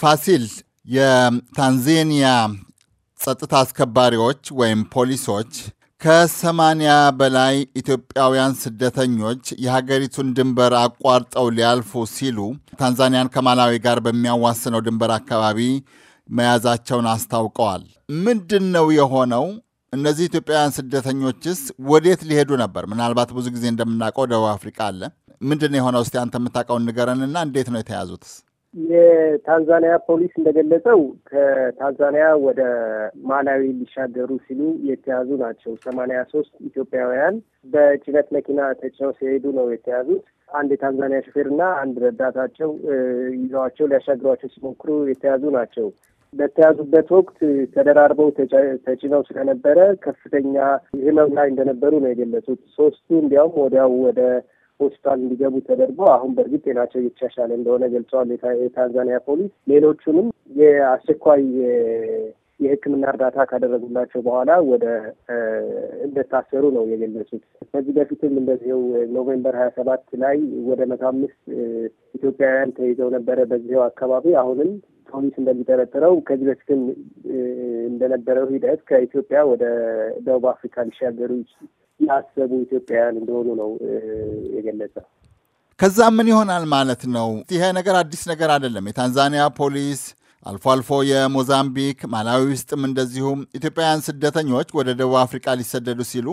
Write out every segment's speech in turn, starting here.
ፋሲል የታንዜኒያ ጸጥታ አስከባሪዎች ወይም ፖሊሶች ከሰማንያ በላይ ኢትዮጵያውያን ስደተኞች የሀገሪቱን ድንበር አቋርጠው ሊያልፉ ሲሉ ታንዛኒያን ከማላዊ ጋር በሚያዋስነው ድንበር አካባቢ መያዛቸውን አስታውቀዋል። ምንድን ነው የሆነው? እነዚህ ኢትዮጵያውያን ስደተኞችስ ወዴት ሊሄዱ ነበር? ምናልባት ብዙ ጊዜ እንደምናውቀው ደቡብ አፍሪካ አለ። ምንድን ነው የሆነው? እስቲ አንተ የምታውቀውን ንገረንና እንዴት ነው የተያዙትስ? የታንዛኒያ ፖሊስ እንደገለጸው ከታንዛኒያ ወደ ማላዊ ሊሻገሩ ሲሉ የተያዙ ናቸው። ሰማንያ ሶስት ኢትዮጵያውያን በጭነት መኪና ተጭነው ሲሄዱ ነው የተያዙት። አንድ የታንዛኒያ እና አንድ ረዳታቸው ይዘዋቸው ሊያሻግሯቸው ሲሞክሩ የተያዙ ናቸው። በተያዙበት ወቅት ተደራርበው ተጭነው ስለነበረ ከፍተኛ ሕመም ላይ እንደነበሩ ነው የገለጹት። ሶስቱ እንዲያውም ወዲያው ወደ ሆስፒታል እንዲገቡ ተደርጎ አሁን በእርግጥ ጤናቸው እየተሻሻለ እንደሆነ ገልጸዋል። የታንዛኒያ ፖሊስ ሌሎቹንም የአስቸኳይ የሕክምና እርዳታ ካደረጉላቸው በኋላ ወደ እንደታሰሩ ነው የገለጹት። ከዚህ በፊትም እንደዚው ኖቬምበር ሀያ ሰባት ላይ ወደ መቶ አምስት ኢትዮጵያውያን ተይዘው ነበረ በዚው አካባቢ አሁንም ፖሊስ እንደሚጠረጥረው ከዚህ በፊትም እንደነበረው ሂደት ከኢትዮጵያ ወደ ደቡብ አፍሪካ ሊሻገሩ ያሰቡ ኢትዮጵያውያን እንደሆኑ ነው የገለጸው። ከዛ ምን ይሆናል ማለት ነው? ይሄ ነገር አዲስ ነገር አይደለም። የታንዛኒያ ፖሊስ አልፎ አልፎ የሞዛምቢክ ማላዊ ውስጥም እንደዚሁም ኢትዮጵያውያን ስደተኞች ወደ ደቡብ አፍሪካ ሊሰደዱ ሲሉ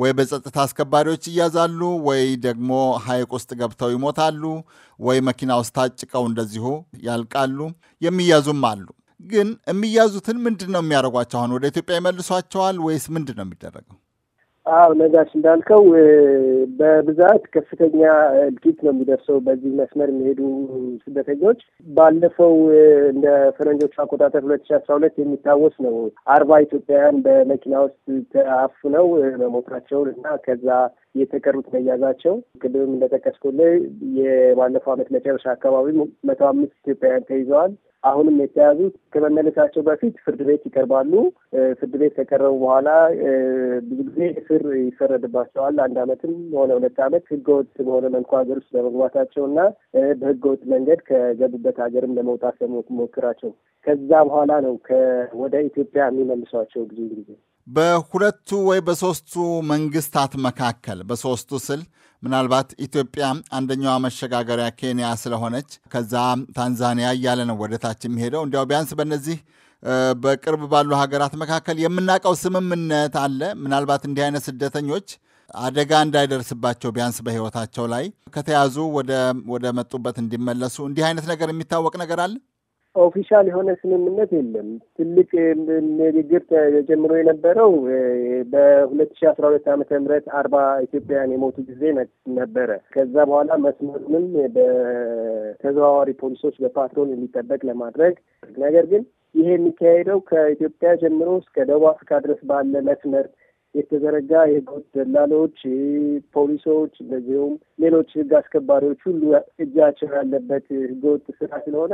ወይ በጸጥታ አስከባሪዎች ይያዛሉ፣ ወይ ደግሞ ሐይቅ ውስጥ ገብተው ይሞታሉ፣ ወይ መኪና ውስጥ ታጭቀው እንደዚሁ ያልቃሉ። የሚያዙም አሉ። ግን የሚያዙትን ምንድን ነው የሚያደርጓቸው? አሁን ወደ ኢትዮጵያ ይመልሷቸዋል ወይስ ምንድን ነው የሚደረገው? አዎ ነጋሽ እንዳልከው በብዛት ከፍተኛ እልቂት ነው የሚደርሰው በዚህ መስመር የሚሄዱ ስደተኞች። ባለፈው እንደ ፈረንጆቹ አቆጣጠር ሁለት ሺ አስራ ሁለት የሚታወስ ነው አርባ ኢትዮጵያውያን በመኪና ውስጥ ተአፍነው መሞታቸውን እና ከዛ የተቀሩት መያዛቸው ቅድምም እንደጠቀስኩልህ የባለፈው ዓመት መጨረሻ አካባቢ መቶ አምስት ኢትዮጵያውያን ተይዘዋል። አሁንም የተያዙት ከመመለሳቸው በፊት ፍርድ ቤት ይቀርባሉ። ፍርድ ቤት ከቀረቡ በኋላ ብዙ ጊዜ እስር ይፈረድባቸዋል። አንድ ዓመትም ሆነ ሁለት ዓመት ህገወጥ በሆነ መልኩ ሀገር ውስጥ ለመግባታቸው እና በህገወጥ መንገድ ከገቡበት ሀገርም ለመውጣት ለመሞክራቸው ከዛ በኋላ ነው ወደ ኢትዮጵያ የሚመልሷቸው ብዙ ጊዜ በሁለቱ ወይ በሶስቱ መንግስታት መካከል በሶስቱ ስል ምናልባት ኢትዮጵያ አንደኛዋ መሸጋገሪያ ኬንያ ስለሆነች ከዛ ታንዛኒያ እያለ ነው ወደ ታች የሚሄደው። እንዲያው ቢያንስ በእነዚህ በቅርብ ባሉ ሀገራት መካከል የምናውቀው ስምምነት አለ። ምናልባት እንዲህ አይነት ስደተኞች አደጋ እንዳይደርስባቸው ቢያንስ በህይወታቸው ላይ ከተያዙ ወደ መጡበት እንዲመለሱ እንዲህ አይነት ነገር የሚታወቅ ነገር አለ። ኦፊሻል የሆነ ስምምነት የለም። ትልቅ ንግግር ተጀምሮ የነበረው በሁለት ሺ አስራ ሁለት ዓመተ ምህረት አርባ ኢትዮጵያውያን የሞቱ ጊዜ ነበረ። ከዛ በኋላ መስመሩንም በተዘዋዋሪ ፖሊሶች በፓትሮል እንዲጠበቅ ለማድረግ ነገር ግን ይሄ የሚካሄደው ከኢትዮጵያ ጀምሮ እስከ ደቡብ አፍሪካ ድረስ ባለ መስመር የተዘረጋ የህገወጥ ደላሎች፣ ፖሊሶች፣ እንደዚሁም ሌሎች ህግ አስከባሪዎች ሁሉ እጃቸው ያለበት ህገወጥ ስራ ስለሆነ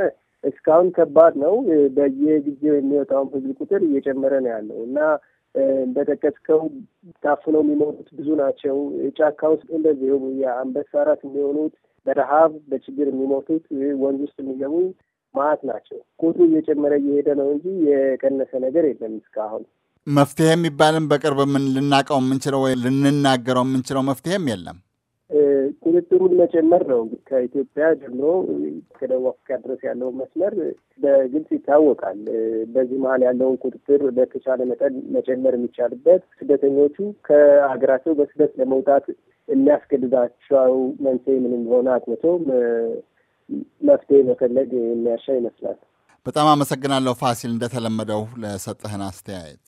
እስካሁን ከባድ ነው። በየጊዜው የሚወጣውም ህዝብ ቁጥር እየጨመረ ነው ያለው እና እንደጠቀስከው ታፍነው የሚሞቱት ብዙ ናቸው። ጫካ ውስጥ እንደዚሁ የአንበሳ ራት የሚሆኑት በረሀብ በችግር የሚሞቱት ወንዝ ውስጥ የሚገቡ ማት ናቸው። ቁጥሩ እየጨመረ እየሄደ ነው እንጂ የቀነሰ ነገር የለም እስካሁን። መፍትሄ የሚባልም በቅርብ ምን ልናቀው የምንችለው ወይ ልንናገረው የምንችለው መፍትሄም የለም። ቁጥጥሩን መጨመር ነው ከኢትዮጵያ ጀምሮ ከደቡብ አፍሪካ ድረስ ያለውን መስመር በግልጽ ይታወቃል። በዚህ መሀል ያለውን ቁጥጥር በተቻለ መጠን መጨመር የሚቻልበት ስደተኞቹ ከሀገራቸው በስደት ለመውጣት የሚያስገድዳቸው መንስኤ ምንም ሆነ አጥንቶ መፍትሄ መፈለግ የሚያሻ ይመስላል። በጣም አመሰግናለሁ ፋሲል፣ እንደተለመደው ለሰጠህን አስተያየት።